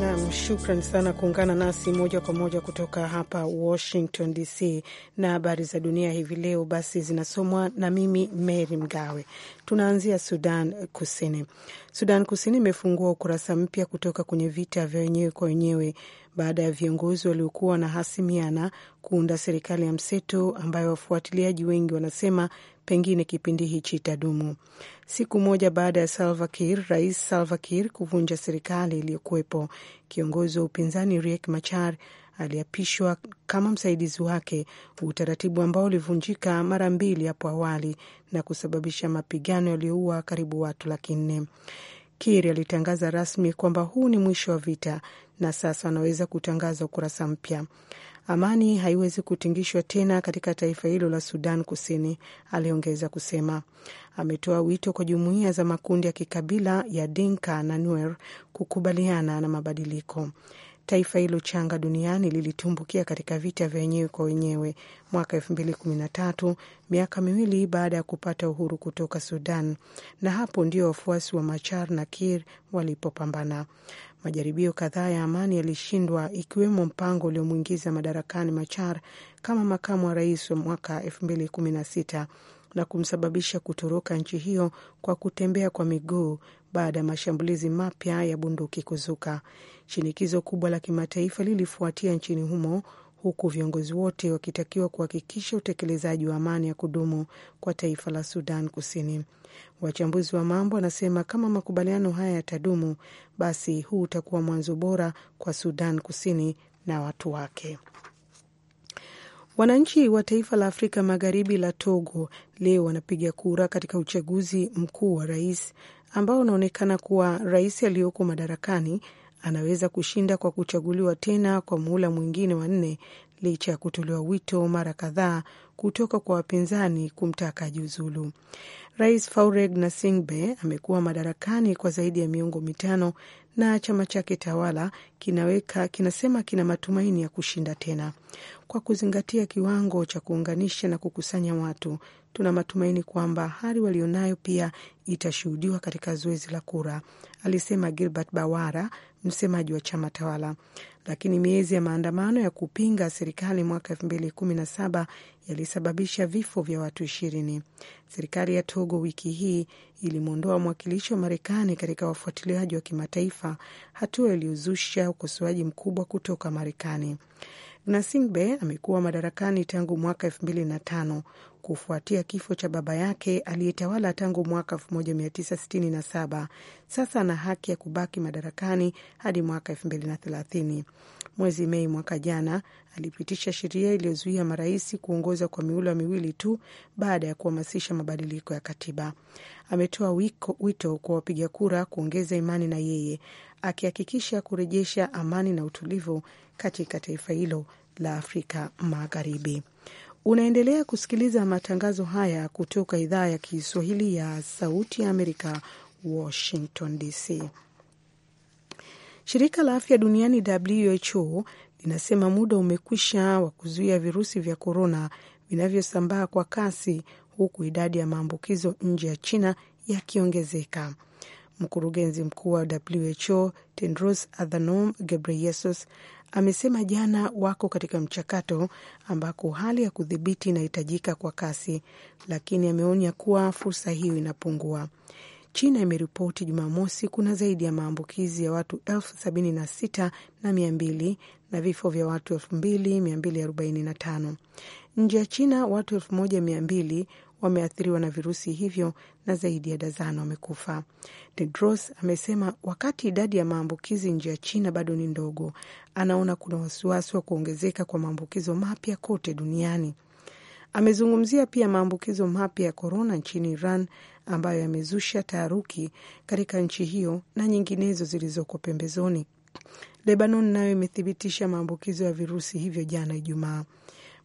Nam, shukran sana kuungana nasi moja kwa moja kutoka hapa Washington DC na habari za dunia hivi leo, basi zinasomwa na mimi Mary Mgawe. Tunaanzia Sudan Kusini. Sudan Kusini imefungua ukurasa mpya kutoka kwenye vita vya wenyewe kwa wenyewe baada ya viongozi waliokuwa wanahasimiana kuunda serikali ya mseto ambayo wafuatiliaji wengi wanasema pengine kipindi hichi itadumu. Siku moja baada ya Salva Kiir, Rais Salva Kiir kuvunja serikali iliyokuwepo, kiongozi wa upinzani Riek Machar aliapishwa kama msaidizi wake, utaratibu ambao ulivunjika mara mbili hapo awali na kusababisha mapigano yaliyoua karibu watu laki nne. Kiir alitangaza rasmi kwamba huu ni mwisho wa vita na sasa anaweza kutangaza ukurasa mpya. Amani haiwezi kutingishwa tena katika taifa hilo la Sudan Kusini, aliongeza kusema. Ametoa wito kwa jumuiya za makundi ya kikabila ya Dinka na Nuer kukubaliana na mabadiliko. Taifa hilo changa duniani lilitumbukia katika vita vya wenyewe kwa wenyewe mwaka elfu mbili kumi na tatu, miaka miwili baada ya kupata uhuru kutoka Sudan, na hapo ndio wafuasi wa Machar na Kir walipopambana. Majaribio kadhaa ya amani yalishindwa, ikiwemo mpango uliomwingiza madarakani Machar kama makamu wa rais wa mwaka 2016 na kumsababisha kutoroka nchi hiyo kwa kutembea kwa miguu baada ya mashambulizi mapya ya bunduki kuzuka. Shinikizo kubwa la kimataifa lilifuatia nchini humo huku viongozi wote wakitakiwa kuhakikisha utekelezaji wa amani ya kudumu kwa taifa la Sudan Kusini. Wachambuzi wa mambo wanasema kama makubaliano haya yatadumu, basi huu utakuwa mwanzo bora kwa Sudan Kusini na watu wake. Wananchi wa taifa la Afrika Magharibi la Togo leo wanapiga kura katika uchaguzi mkuu wa rais ambao unaonekana kuwa rais aliyoko madarakani anaweza kushinda kwa kuchaguliwa tena kwa muhula mwingine wa nne licha ya kutolewa wito mara kadhaa kutoka kwa wapinzani kumtaka ajiuzulu. Rais Faureg Nasingbe amekuwa madarakani kwa zaidi ya miongo mitano na chama chake tawala kinaweka kinasema kina matumaini ya kushinda tena. Kwa kuzingatia kiwango cha kuunganisha na kukusanya watu, tuna matumaini kwamba hali walionayo pia itashuhudiwa katika zoezi la kura, alisema Gilbert Bawara, msemaji wa chama tawala lakini miezi ya maandamano ya kupinga serikali mwaka elfu mbili kumi na saba yalisababisha vifo vya watu ishirini. Serikali ya Togo wiki hii ilimwondoa mwakilishi wa Marekani katika wafuatiliaji wa kimataifa, hatua iliyozusha ukosoaji mkubwa kutoka Marekani. Gnasingbe amekuwa madarakani tangu mwaka elfu mbili na tano kufuatia kifo cha baba yake aliyetawala tangu mwaka 1967. Sasa ana haki ya kubaki madarakani hadi mwaka 2030. Mwezi Mei mwaka jana alipitisha sheria iliyozuia marais kuongoza kwa miula miwili tu baada ya kuhamasisha mabadiliko ya katiba. Ametoa wito kwa wapiga kura kuongeza imani na yeye, akihakikisha kurejesha amani na utulivu katika taifa hilo la Afrika Magharibi. Unaendelea kusikiliza matangazo haya kutoka idhaa ya Kiswahili ya Sauti ya Amerika, Washington DC. Shirika la Afya Duniani, WHO, linasema muda umekwisha wa kuzuia virusi vya korona vinavyosambaa kwa kasi, huku idadi ya maambukizo nje ya China yakiongezeka. Mkurugenzi mkuu wa WHO Tedros Adhanom Ghebreyesus amesema jana wako katika mchakato ambako hali ya kudhibiti inahitajika kwa kasi, lakini ameonya kuwa fursa hiyo inapungua. China imeripoti Jumamosi kuna zaidi ya maambukizi ya watu elfu sabini na sita na mia mbili na vifo vya watu elfu mbili mia mbili arobaini na tano. Nje ya China watu elfu moja mia mbili wameathiriwa na virusi hivyo na zaidi ya dazano wamekufa. Tedros amesema wakati idadi ya maambukizi nje ya China bado ni ndogo, anaona kuna wasiwasi wa kuongezeka kwa maambukizo mapya kote duniani. Amezungumzia pia maambukizo mapya ya korona nchini Iran ambayo yamezusha taharuki katika nchi hiyo na nyinginezo zilizoko pembezoni. Lebanon nayo imethibitisha maambukizo ya virusi hivyo jana Ijumaa.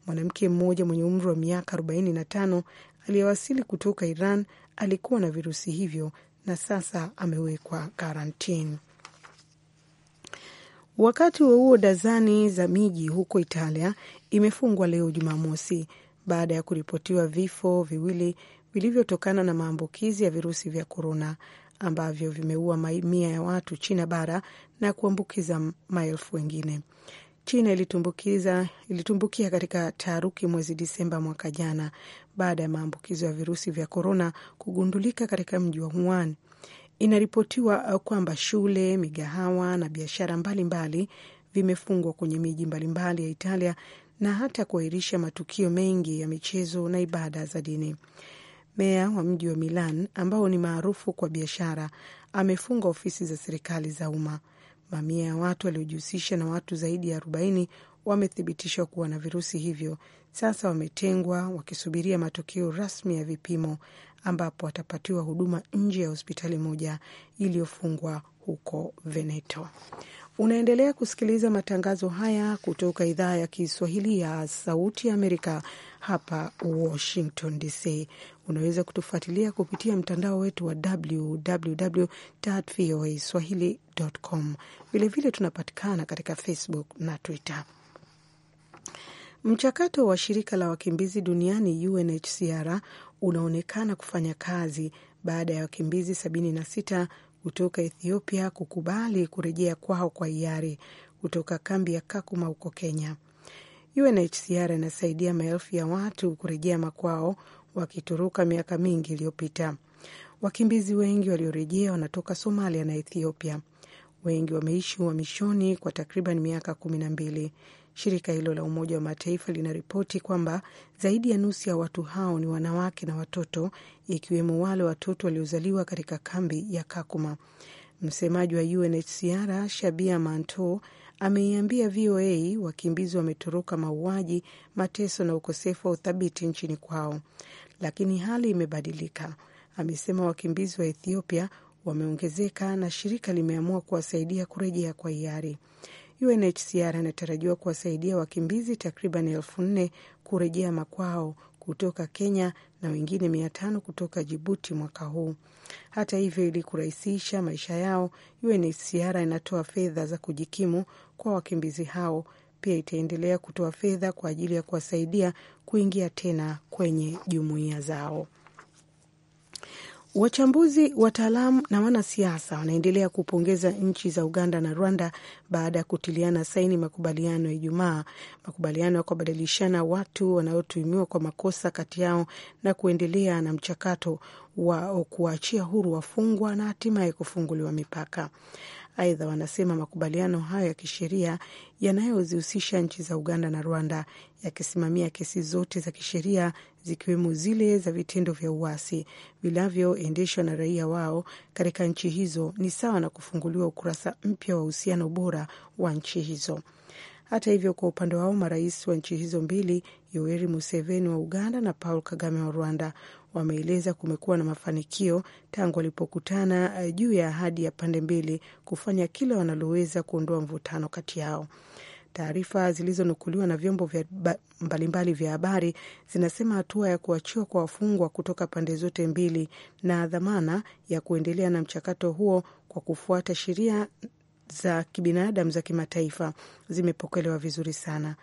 Mwanamke mmoja mwenye umri wa miaka 45 aliyewasili kutoka Iran alikuwa na virusi hivyo na sasa amewekwa karantini. Wakati huo huo, dazani za miji huko Italia imefungwa leo Jumamosi baada ya kuripotiwa vifo viwili vilivyotokana na maambukizi ya virusi vya korona ambavyo vimeua mamia ya watu China bara na kuambukiza maelfu wengine. China ilitumbukiza ilitumbukia katika taharuki mwezi Disemba mwaka jana baada ya maambukizo ya virusi vya korona kugundulika katika mji wa Wuhan. Inaripotiwa uh, kwamba shule, migahawa na biashara mbalimbali vimefungwa kwenye miji mbalimbali ya Italia na hata kuahirisha matukio mengi ya michezo na ibada za dini. Meya wa mji wa Milan ambao ni maarufu kwa biashara amefunga ofisi za serikali za umma. Mamia ya watu waliojihusisha na watu zaidi ya 40 wamethibitishwa kuwa na virusi hivyo, sasa wametengwa wakisubiria matokeo rasmi ya vipimo, ambapo watapatiwa huduma nje ya hospitali moja iliyofungwa huko Veneto. Unaendelea kusikiliza matangazo haya kutoka idhaa ya Kiswahili ya Sauti ya Amerika hapa Washington DC. Unaweza kutufuatilia kupitia mtandao wetu wa www voa swahili.com. Vilevile tunapatikana katika Facebook na Twitter. Mchakato wa shirika la wakimbizi duniani UNHCR unaonekana kufanya kazi baada ya wakimbizi sita kutoka Ethiopia kukubali kurejea kwao kwa hiari kutoka kambi ya Kakuma huko Kenya. UNHCR inasaidia maelfu ya watu kurejea makwao wakitoroka miaka mingi iliyopita. Wakimbizi wengi waliorejea wanatoka Somalia na Ethiopia. Wengi wameishi uhamishoni kwa takriban miaka kumi na mbili. Shirika hilo la Umoja wa Mataifa linaripoti kwamba zaidi ya nusu ya watu hao ni wanawake na watoto, ikiwemo wale watoto waliozaliwa katika kambi ya Kakuma. Msemaji wa UNHCR Shabia Manto ameiambia VOA wakimbizi wametoroka mauaji, mateso na ukosefu wa uthabiti nchini kwao, lakini hali imebadilika. Amesema wakimbizi wa Ethiopia wameongezeka na shirika limeamua kuwasaidia kurejea kwa hiari. UNHCR anatarajiwa kuwasaidia wakimbizi takriban elfu nne kurejea makwao kutoka Kenya na wengine mia tano kutoka Jibuti mwaka huu. Hata hivyo, ili kurahisisha maisha yao, UNHCR inatoa fedha za kujikimu kwa wakimbizi hao. Pia itaendelea kutoa fedha kwa ajili ya kuwasaidia kuingia tena kwenye jumuiya zao. Wachambuzi, wataalamu na wanasiasa wanaendelea kupongeza nchi za Uganda na Rwanda baada ya kutiliana saini makubaliano ya Ijumaa, makubaliano ya kubadilishana watu wanaotuhumiwa kwa makosa kati yao na kuendelea na mchakato wa kuwachia huru wafungwa na hatimaye kufunguliwa mipaka. Aidha, wanasema makubaliano hayo ya kisheria yanayozihusisha nchi za Uganda na Rwanda yakisimamia kesi zote za kisheria zikiwemo zile za vitendo vya uasi vinavyoendeshwa na raia wao katika nchi hizo ni sawa na kufunguliwa ukurasa mpya wa uhusiano bora wa nchi hizo. Hata hivyo, kwa upande wao marais wa nchi hizo mbili Yoweri Museveni wa Uganda na Paul Kagame wa Rwanda wameeleza kumekuwa na mafanikio tangu walipokutana eh, juu ya ahadi ya pande mbili kufanya kila wanaloweza kuondoa mvutano kati yao. Taarifa zilizonukuliwa na vyombo vya mbalimbali vya habari zinasema hatua ya kuachiwa kwa wafungwa kutoka pande zote mbili na dhamana ya kuendelea na mchakato huo kwa kufuata sheria za kibinadamu za kimataifa zimepokelewa vizuri sana.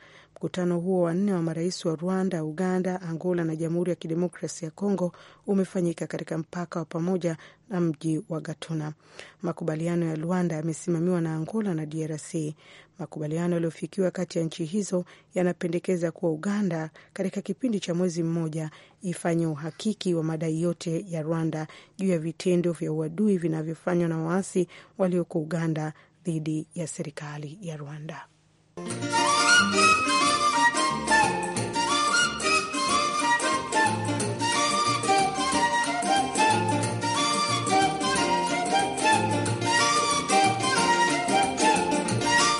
Mkutano huo wa nne wa marais wa Rwanda, Uganda, Angola na Jamhuri ya Kidemokrasi ya Kongo umefanyika katika mpaka wa pamoja na mji wa Gatuna. Makubaliano ya rwanda yamesimamiwa na Angola na DRC. Makubaliano yaliyofikiwa kati ya nchi hizo yanapendekeza kuwa Uganda katika kipindi cha mwezi mmoja ifanye uhakiki wa madai yote ya Rwanda juu ya vitendo vya uadui vinavyofanywa na waasi walioko Uganda dhidi ya serikali ya Rwanda.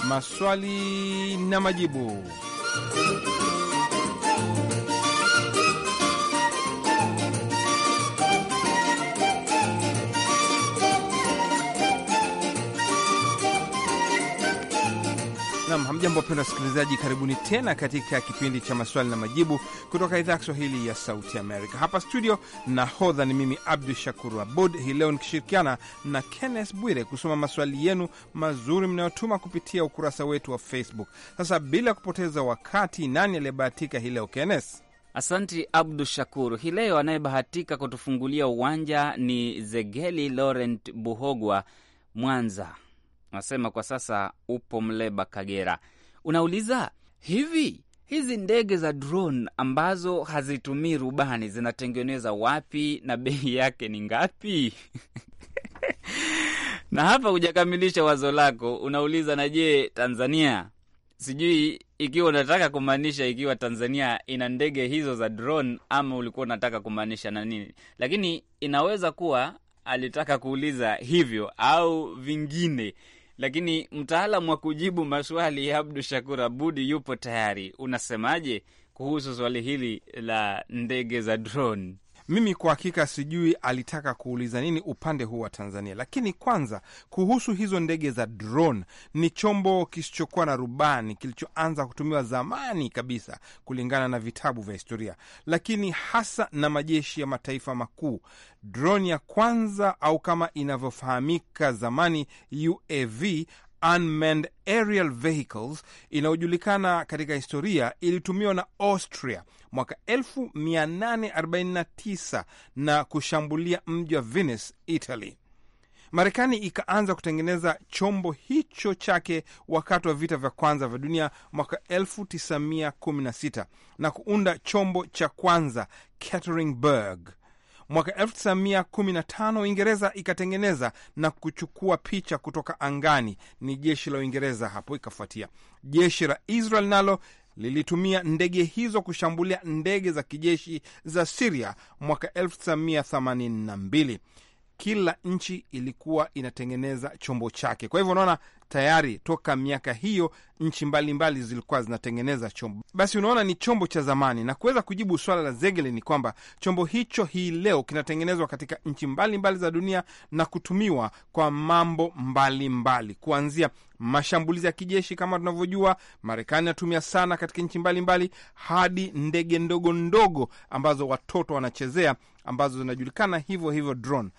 Maswali na majibu. Nam, hamjambo wapendwa wasikilizaji, karibuni tena katika kipindi cha maswali na majibu kutoka idhaa ya Kiswahili ya Sauti Amerika hapa studio. Nahodha ni mimi Abdu Shakur Abud, hii leo nikishirikiana na Kennes Bwire kusoma maswali yenu mazuri mnayotuma kupitia ukurasa wetu wa Facebook. Sasa bila kupoteza wakati, nani aliyebahatika hii leo Kennes? Asanti Abdu Shakur. Hii leo anayebahatika kutufungulia uwanja ni Zegeli Laurent Buhogwa, Mwanza. Nasema kwa sasa upo Mleba, Kagera. Unauliza hivi, hizi ndege za drone ambazo hazitumii rubani zinatengeneza wapi na bei yake ni ngapi? na hapa hujakamilisha wazo lako, unauliza na je, Tanzania sijui ikiwa unataka kumaanisha ikiwa Tanzania ina ndege hizo za drone ama ulikuwa unataka kumaanisha na nini, lakini inaweza kuwa alitaka kuuliza hivyo au vingine lakini mtaalamu wa kujibu maswali Abdu Shakur Abudi yupo tayari. Unasemaje kuhusu swali hili la ndege za drone? Mimi kwa hakika sijui alitaka kuuliza nini upande huu wa Tanzania, lakini kwanza kuhusu hizo ndege za drone, ni chombo kisichokuwa na rubani kilichoanza kutumiwa zamani kabisa kulingana na vitabu vya historia, lakini hasa na majeshi ya mataifa makuu. Drone ya kwanza au kama inavyofahamika zamani UAV unmanned aerial vehicles inayojulikana katika historia ilitumiwa na Austria mwaka 1849 na kushambulia mji wa Venice, Italy. Marekani ikaanza kutengeneza chombo hicho chake wakati wa vita vya kwanza vya dunia mwaka 1916 na kuunda chombo cha kwanza Caterinburg Mwaka 1915 Uingereza ikatengeneza na kuchukua picha kutoka angani, ni jeshi la Uingereza. Hapo ikafuatia jeshi la Israel nalo lilitumia ndege hizo kushambulia ndege za kijeshi za Siria mwaka 1982 kila nchi ilikuwa inatengeneza chombo chake. Kwa hivyo unaona tayari toka miaka hiyo nchi mbalimbali mbali zilikuwa zinatengeneza chombo. Basi unaona ni chombo cha zamani. Na kuweza kujibu swala la Zegele ni kwamba chombo hicho hii leo kinatengenezwa katika nchi mbalimbali za dunia na kutumiwa kwa mambo mbalimbali mbali. Kuanzia mashambulizi ya kijeshi kama tunavyojua Marekani inatumia sana katika nchi mbalimbali, hadi ndege ndogo ndogo ambazo watoto wanachezea ambazo zinajulikana hivyo hivyo drone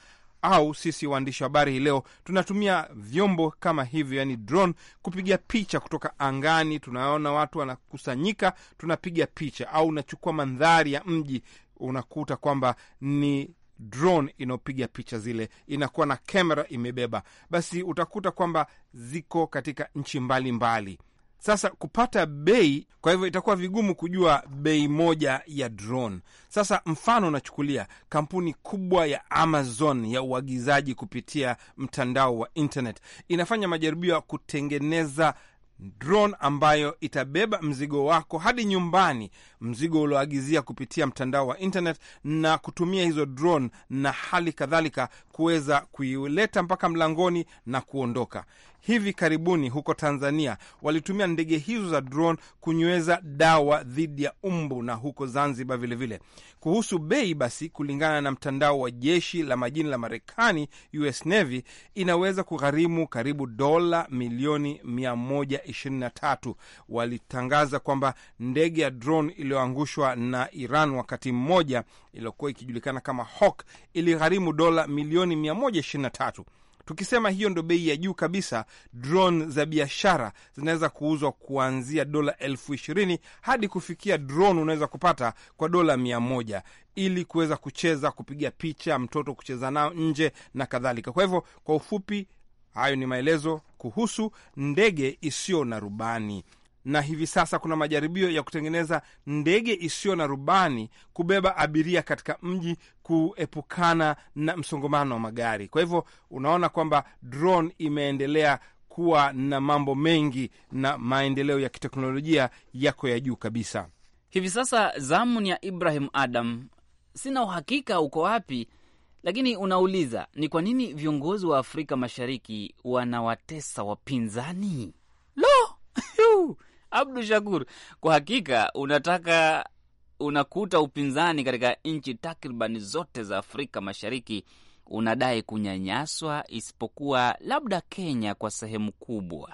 au sisi waandishi wa habari hii leo tunatumia vyombo kama hivyo, yani drone, kupiga picha kutoka angani. Tunaona watu wanakusanyika, tunapiga picha, au unachukua mandhari ya mji, unakuta kwamba ni drone inayopiga picha zile, inakuwa na kamera imebeba. Basi utakuta kwamba ziko katika nchi mbalimbali mbali. Sasa kupata bei, kwa hivyo itakuwa vigumu kujua bei moja ya drone. Sasa mfano unachukulia kampuni kubwa ya Amazon ya uagizaji kupitia mtandao wa internet inafanya majaribio ya kutengeneza drone ambayo itabeba mzigo wako hadi nyumbani mzigo ulioagizia kupitia mtandao wa internet na kutumia hizo drone na hali kadhalika kuweza kuileta mpaka mlangoni na kuondoka. Hivi karibuni huko Tanzania walitumia ndege hizo za drone kunyweza dawa dhidi ya umbu, na huko Zanzibar vilevile Kuhusu bei, basi kulingana na mtandao wa jeshi la majini la Marekani, US Navy, inaweza kugharimu karibu dola milioni 123. Walitangaza kwamba ndege ya drone iliyoangushwa na Iran wakati mmoja iliyokuwa ikijulikana kama Hawk iligharimu dola milioni 123. Tukisema hiyo ndo bei ya juu kabisa, drone za biashara zinaweza kuuzwa kuanzia dola elfu ishirini hadi kufikia drone unaweza kupata kwa dola mia moja ili kuweza kucheza, kupiga picha, mtoto kucheza nao nje na kadhalika. Kwa hivyo, kwa ufupi, hayo ni maelezo kuhusu ndege isiyo na rubani na hivi sasa kuna majaribio ya kutengeneza ndege isiyo na rubani kubeba abiria katika mji kuepukana na msongamano wa magari. Kwa hivyo unaona kwamba drone imeendelea kuwa na mambo mengi na maendeleo ya kiteknolojia yako ya juu kabisa. Hivi sasa zamu ni ya Ibrahim Adam, sina uhakika uko wapi, lakini unauliza ni kwa nini viongozi wa Afrika Mashariki wanawatesa wapinzani? Lo, Abdu Shakur, kwa hakika unataka unakuta upinzani katika nchi takribani zote za Afrika Mashariki unadai kunyanyaswa, isipokuwa labda Kenya kwa sehemu kubwa.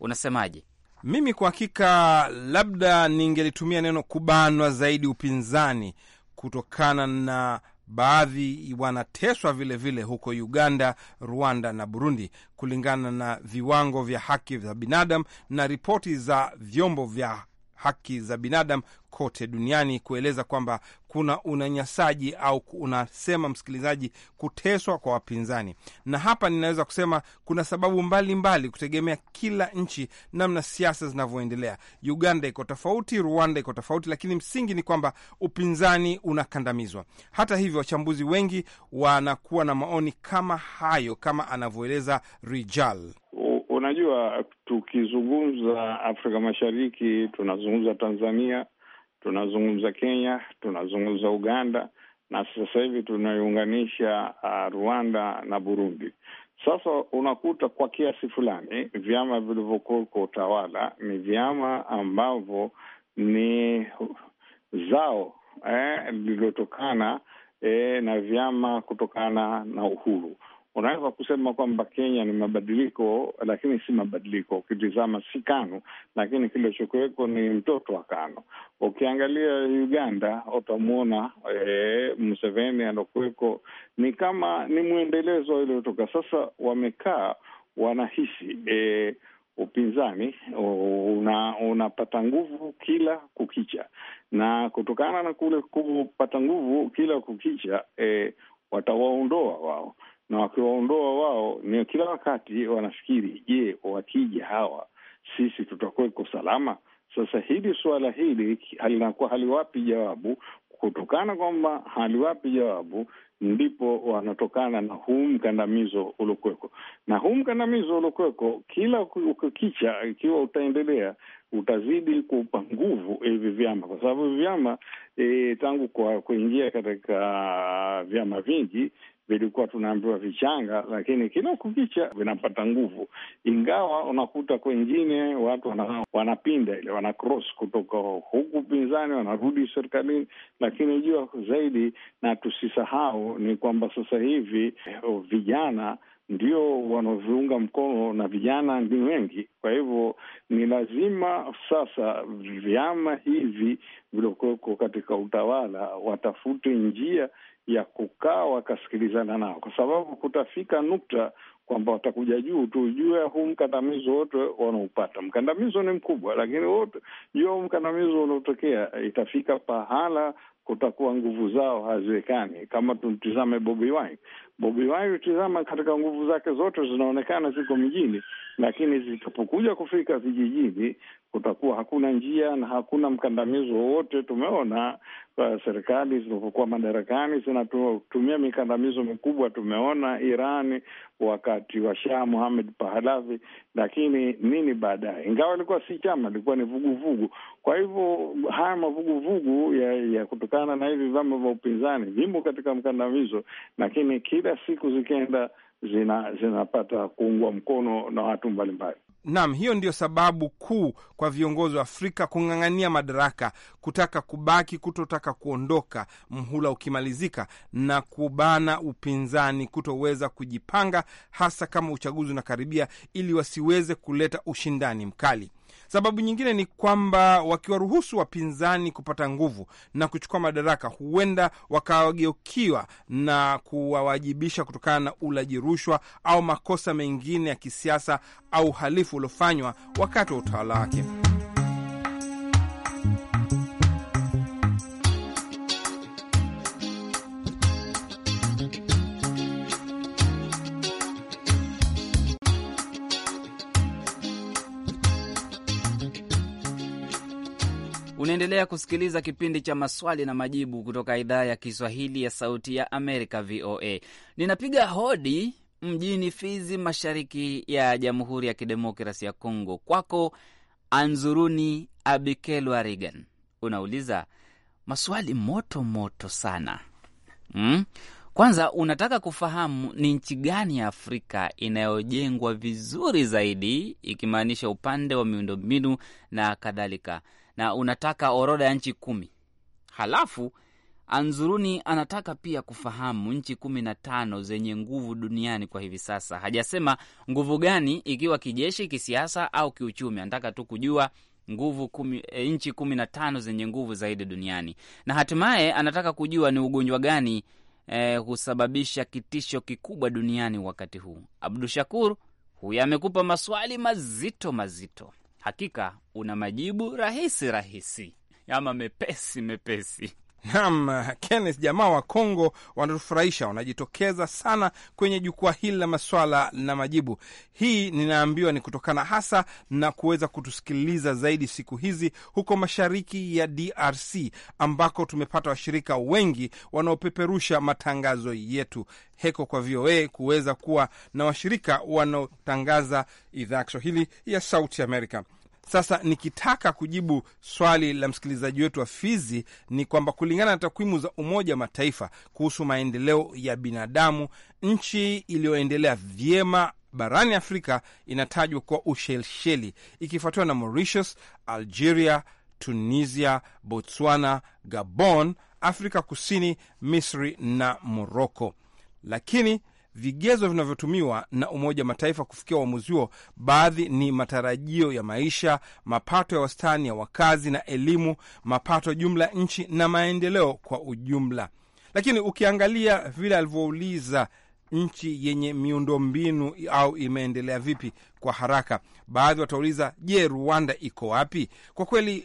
Unasemaje? Mimi kwa hakika, labda ningelitumia neno kubanwa zaidi upinzani, kutokana na Baadhi wanateswa vilevile vile huko Uganda, Rwanda na Burundi, kulingana na viwango vya haki za binadamu na ripoti za vyombo vya haki za binadamu kote duniani kueleza kwamba kuna unyanyasaji au unasema msikilizaji, kuteswa kwa wapinzani. Na hapa ninaweza kusema kuna sababu mbalimbali mbali, kutegemea kila nchi namna siasa zinavyoendelea. Uganda iko tofauti, Rwanda iko tofauti, lakini msingi ni kwamba upinzani unakandamizwa. Hata hivyo, wachambuzi wengi wanakuwa na maoni kama hayo, kama anavyoeleza Rijal. Unajua, tukizungumza Afrika Mashariki tunazungumza Tanzania, tunazungumza Kenya, tunazungumza Uganda na sasa hivi tunaiunganisha uh, Rwanda na Burundi. Sasa unakuta kwa kiasi fulani vyama vilivyokuwa kwa utawala ni vyama ambavyo ni zao eh, lililotokana eh, eh, na vyama kutokana na uhuru unaweza kusema kwamba Kenya ni mabadiliko, lakini si mabadiliko. Ukitizama si KANU, lakini kilichokuweko ni mtoto wa KANU. Ukiangalia Uganda utamwona e, eh, Museveni alokuweko ni kama ni mwendelezo iliotoka. Sasa wamekaa wanahisi e, upinzani una, nguvu kila kukicha, na kutokana na kule kupata nguvu kila kukicha e, watawaondoa wao na wakiwaondoa wao, ni kila wakati wanafikiri, je, wakija hawa sisi tutakuweko salama? Sasa hili suala hili halinakuwa haliwapi jawabu. Kutokana kwamba haliwapi jawabu, ndipo wanatokana na huu mkandamizo uliokuweko, na huu mkandamizo uliokuweko kila ukikicha, ikiwa utaendelea utazidi kupa nguvu hivi vyama, kwa sababu hivi vyama e, tangu kwa kuingia katika vyama vingi vilikuwa tunaambiwa vichanga, lakini kila kukicha vinapata nguvu, ingawa unakuta kwengine watu wana, wanapinda ile wana cross kutoka huku pinzani wanarudi serikalini. Lakini jua zaidi na tusisahau ni kwamba sasa hivi eh, vijana ndio wanaoviunga mkono na vijana ni wengi. Kwa hivyo ni lazima sasa vyama hivi viliokuweko katika utawala watafute njia ya kukaa wakasikilizana nao, kwa sababu kutafika nukta kwamba watakuja juu tu juu ya huu mkandamizo wote wanaopata. Mkandamizo ni mkubwa, lakini wote juu ya huu mkandamizo unaotokea, itafika pahala kutakuwa nguvu zao haziwekani. Kama tumtizame Bobi Wine, Bobi Wine ukitizama katika nguvu zake zote zinaonekana ziko mjini, lakini zitapokuja kufika vijijini kutakuwa hakuna njia na hakuna mkandamizo wowote. Tumeona uh, serikali zilizokuwa madarakani zinatumia mikandamizo mikubwa. Tumeona Iran wakati wa Shah Muhamed pahalavi lakini nini baadaye? Ingawa ilikuwa si chama, ilikuwa ni vuguvugu vugu. Kwa hivyo haya mavuguvugu ya, ya kutokana na hivi vyama vya upinzani vimo katika mkandamizo, lakini kila siku zikienda zina, zinapata kuungwa mkono na watu mbalimbali. Naam, hiyo ndio sababu kuu kwa viongozi wa Afrika kung'ang'ania madaraka, kutaka kubaki, kutotaka kuondoka mhula ukimalizika, na kubana upinzani kutoweza kujipanga, hasa kama uchaguzi unakaribia, ili wasiweze kuleta ushindani mkali. Sababu nyingine ni kwamba wakiwaruhusu wapinzani kupata nguvu na kuchukua madaraka, huenda wakawageukiwa na kuwawajibisha kutokana na ulaji rushwa au makosa mengine ya kisiasa au uhalifu uliofanywa wakati wa utawala wake. Unaendelea kusikiliza kipindi cha maswali na majibu kutoka idhaa ya Kiswahili ya Sauti ya Amerika, VOA. Ninapiga hodi mjini Fizi, mashariki ya Jamhuri ya Kidemokrasi ya Kongo. Kwako Anzuruni Abikelwa Regan, unauliza maswali moto moto sana hmm? Kwanza unataka kufahamu ni nchi gani ya Afrika inayojengwa vizuri zaidi, ikimaanisha upande wa miundombinu na kadhalika na unataka orodha ya nchi kumi. Halafu Anzuruni anataka pia kufahamu nchi kumi na tano zenye nguvu duniani kwa hivi sasa. Hajasema nguvu gani, ikiwa kijeshi, kisiasa au kiuchumi. Anataka tu kujua nguvu kumi, e, nchi kumi na tano zenye nguvu zaidi duniani, na hatimaye anataka kujua ni ugonjwa gani e, husababisha kitisho kikubwa duniani wakati huu. Abdu Shakur, huyu amekupa maswali mazito mazito. Hakika una majibu rahisi rahisi ama mepesi mepesi. Naam, Kenneth, jamaa wa Kongo wanatufurahisha, wanajitokeza sana kwenye jukwaa hili la maswala na majibu. Hii ninaambiwa ni kutokana hasa na kuweza kutusikiliza zaidi siku hizi huko mashariki ya DRC ambako tumepata washirika wengi wanaopeperusha matangazo yetu. Heko kwa VOA kuweza kuwa na washirika wanaotangaza idhaa ya Kiswahili ya Sauti Amerika. Sasa nikitaka kujibu swali la msikilizaji wetu wa Fizi ni kwamba kulingana na takwimu za Umoja wa Mataifa kuhusu maendeleo ya binadamu, nchi iliyoendelea vyema barani Afrika inatajwa kuwa Ushelsheli, ikifuatiwa na Mauritius, Algeria, Tunisia, Botswana, Gabon, Afrika Kusini, Misri na Moroko, lakini vigezo vinavyotumiwa na Umoja wa Mataifa kufikia uamuzi huo, baadhi ni matarajio ya maisha, mapato ya wastani ya wakazi na elimu, mapato jumla ya nchi na maendeleo kwa ujumla. Lakini ukiangalia vile alivyouliza nchi yenye miundombinu au imeendelea vipi kwa haraka. Baadhi watauliza je, Rwanda iko wapi? Kwa kweli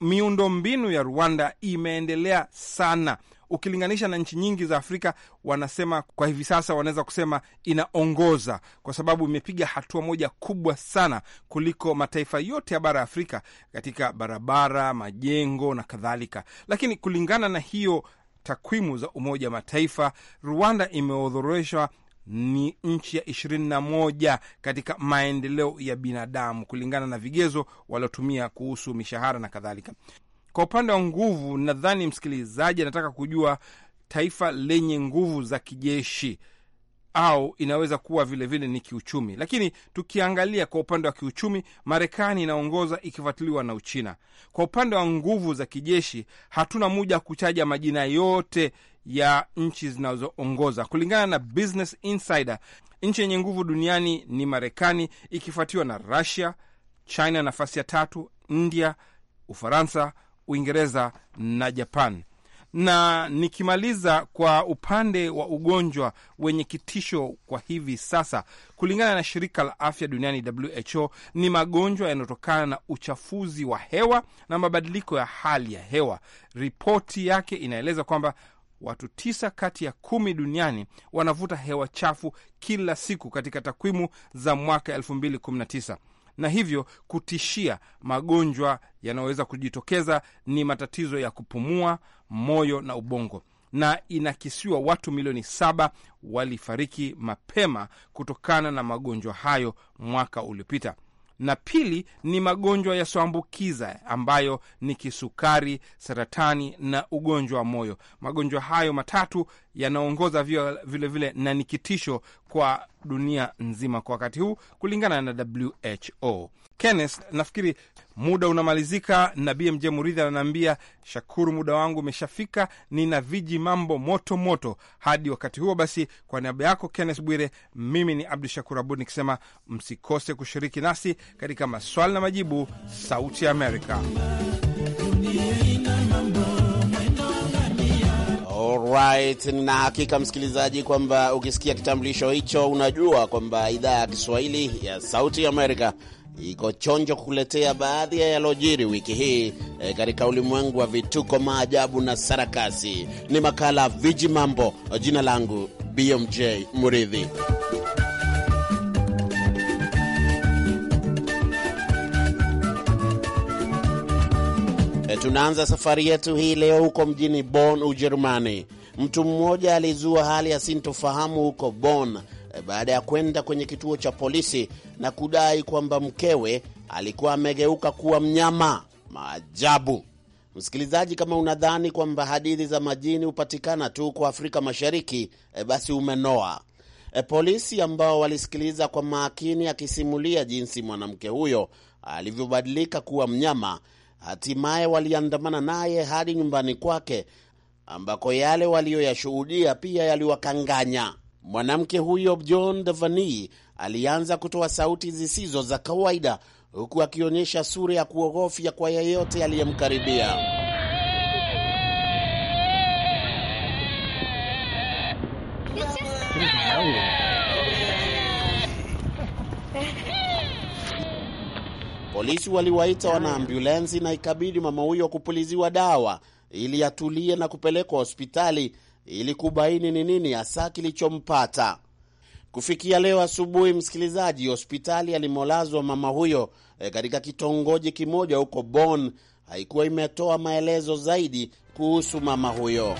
miundombinu ya Rwanda imeendelea sana ukilinganisha na nchi nyingi za Afrika, wanasema kwa hivi sasa wanaweza kusema inaongoza kwa sababu imepiga hatua moja kubwa sana kuliko mataifa yote ya bara ya Afrika katika barabara, majengo na kadhalika. Lakini kulingana na hiyo takwimu za Umoja wa Mataifa, Rwanda imeodhoreshwa ni nchi ya ishirini na moja katika maendeleo ya binadamu kulingana na vigezo waliotumia kuhusu mishahara na kadhalika. Kwa upande wa nguvu, nadhani msikilizaji anataka kujua taifa lenye nguvu za kijeshi au inaweza kuwa vilevile vile ni kiuchumi, lakini tukiangalia kwa upande wa kiuchumi, Marekani inaongoza ikifuatiliwa na Uchina. Kwa upande wa nguvu za kijeshi, hatuna muja wa kutaja majina yote ya nchi zinazoongoza. Kulingana na Business Insider, nchi yenye nguvu duniani ni Marekani, ikifuatiwa na Russia, China nafasi ya tatu, India, Ufaransa, Uingereza na Japan. Na nikimaliza kwa upande wa ugonjwa wenye kitisho kwa hivi sasa, kulingana na shirika la afya duniani WHO, ni magonjwa yanayotokana na uchafuzi wa hewa na mabadiliko ya hali ya hewa. Ripoti yake inaeleza kwamba watu tisa kati ya kumi duniani wanavuta hewa chafu kila siku katika takwimu za mwaka 2019 na hivyo kutishia magonjwa yanayoweza kujitokeza ni matatizo ya kupumua, moyo na ubongo na inakisiwa watu milioni saba walifariki mapema kutokana na magonjwa hayo mwaka uliopita na pili ni magonjwa yasiyoambukiza ambayo ni kisukari, saratani na ugonjwa wa moyo. Magonjwa hayo matatu yanaongoza vilevile vile, na ni kitisho kwa dunia nzima kwa wakati huu kulingana na WHO. Kenneth, nafikiri muda unamalizika na BMJ Muridhi ananiambia, Shakuru, muda wangu umeshafika, nina viji mambo moto moto. Hadi wakati huo basi, kwa niaba yako Kenneth Bwire, mimi ni Abdu Shakur Abud nikisema msikose kushiriki nasi katika maswali na majibu, Sauti ya Amerika. Alright, nina hakika msikilizaji, kwamba ukisikia kitambulisho hicho unajua kwamba idhaa ya Kiswahili ya Sauti ya Amerika iko chonjo kuletea baadhi ya yalojiri wiki hii e, katika ulimwengu wa vituko, maajabu na sarakasi. Ni makala Viji Mambo. Jina langu BMJ Muridhi. E, tunaanza safari yetu hii leo huko mjini Bonn, Ujerumani. Mtu mmoja alizua hali ya sintofahamu huko Bonn baada ya kwenda kwenye kituo cha polisi na kudai kwamba mkewe alikuwa amegeuka kuwa mnyama. Maajabu! Msikilizaji, kama unadhani kwamba hadithi za majini hupatikana tu kwa Afrika Mashariki, e, basi umenoa. E, polisi ambao walisikiliza kwa makini akisimulia jinsi mwanamke huyo alivyobadilika kuwa mnyama, hatimaye waliandamana naye hadi nyumbani kwake ambako yale waliyoyashuhudia pia yaliwakanganya. Mwanamke huyo John Devani alianza kutoa sauti zisizo za kawaida, huku akionyesha sura ya kuogofya kwa yeyote aliyemkaribia. Polisi waliwaita wanaambulensi na ikabidi mama huyo kupuliziwa dawa ili atulie na kupelekwa hospitali ili kubaini ni nini hasa kilichompata. Kufikia leo asubuhi, msikilizaji, hospitali alimolazwa mama huyo e, katika kitongoji kimoja huko Bonn haikuwa imetoa maelezo zaidi kuhusu mama huyo.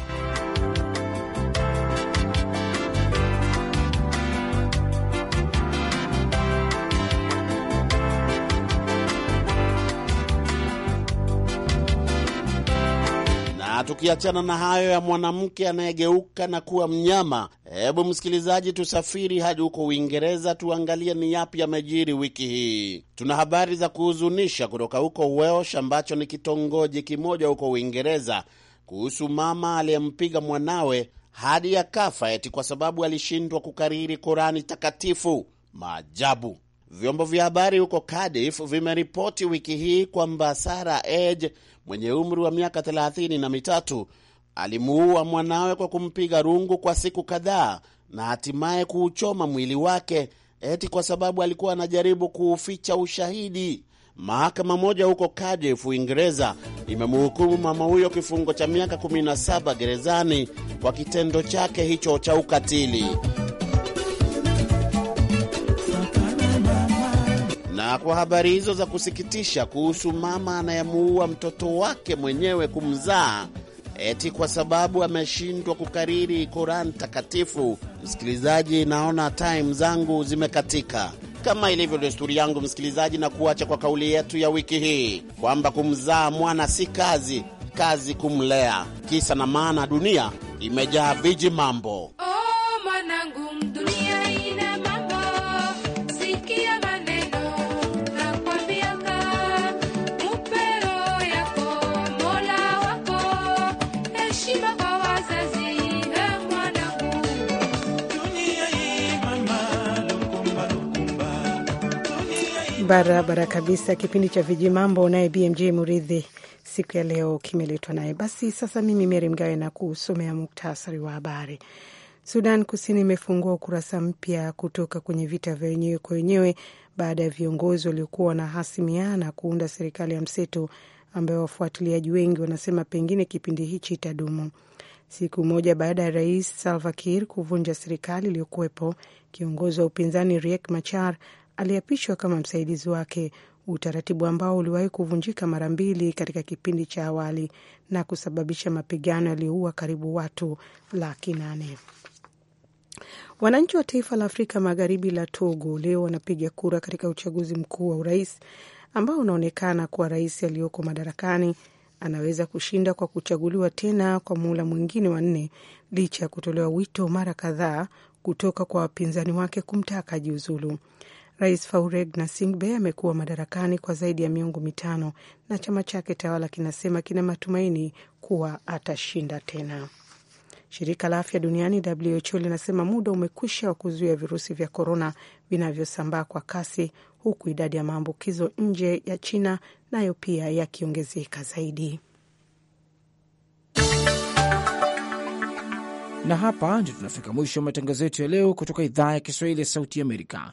tukiachana na hayo ya mwanamke anayegeuka na kuwa mnyama, hebu msikilizaji, tusafiri hadi huko Uingereza tuangalie ni yapi yamejiri wiki hii. Tuna habari za kuhuzunisha kutoka huko Welsh, ambacho ni kitongoji kimoja huko Uingereza, kuhusu mama aliyempiga mwanawe hadi akafa eti kwa sababu alishindwa kukariri Korani takatifu. Maajabu! Vyombo vya habari huko Cardiff vimeripoti wiki hii kwamba Sarah Edge mwenye umri wa miaka thelathini na mitatu alimuua mwanawe kwa kumpiga rungu kwa siku kadhaa na hatimaye kuuchoma mwili wake eti kwa sababu alikuwa anajaribu kuuficha ushahidi. Mahakama moja huko Cardiff, Uingereza, imemhukumu mama huyo kifungo cha miaka 17 gerezani kwa kitendo chake hicho cha ukatili. kwa habari hizo za kusikitisha kuhusu mama anayemuua mtoto wake mwenyewe kumzaa eti kwa sababu ameshindwa kukariri Korani takatifu, msikilizaji, naona time zangu zimekatika. Kama ilivyo desturi yangu, msikilizaji, na kuacha kwa kauli yetu ya wiki hii kwamba kumzaa mwana si kazi, kazi kumlea. Kisa na maana, dunia imejaa viji mambo. barabara kabisa. Kipindi cha viji mambo naye BMJ Muridhi siku ya leo kimeletwa naye. Basi sasa, mimi Meri Mgawe na kusomea muktasari wa habari. Sudan Kusini imefungua ukurasa mpya kutoka kwenye vita vya wenyewe kwa wenyewe baada ya viongozi waliokuwa wanahasimiana kuunda serikali ya mseto ambayo wafuatiliaji wengi wanasema pengine kipindi hichi itadumu. Siku moja baada ya rais Salva Kiir kuvunja serikali iliyokuwepo, kiongozi wa upinzani Riek Machar aliapishwa kama msaidizi wake, utaratibu ambao uliwahi kuvunjika mara mbili katika kipindi cha awali na kusababisha mapigano yaliyoua karibu watu laki nane. Wananchi wa taifa la Afrika Magharibi la Togo leo wanapiga kura katika uchaguzi mkuu wa urais ambao unaonekana kuwa rais aliyoko madarakani anaweza kushinda kwa kuchaguliwa tena kwa muhula mwingine wa nne, licha ya kutolewa wito mara kadhaa kutoka kwa wapinzani wake kumtaka ajiuzulu. Rais Faureg Nasingbe amekuwa madarakani kwa zaidi ya miongo mitano na chama chake tawala kinasema kina matumaini kuwa atashinda tena. Shirika la afya duniani WHO linasema muda umekwisha wa kuzuia virusi vya korona vinavyosambaa kwa kasi, huku idadi ya maambukizo nje ya China nayo pia yakiongezeka zaidi. Na hapa ndio tunafika mwisho wa matangazo yetu ya leo kutoka idhaa ya Kiswahili ya Sauti Amerika.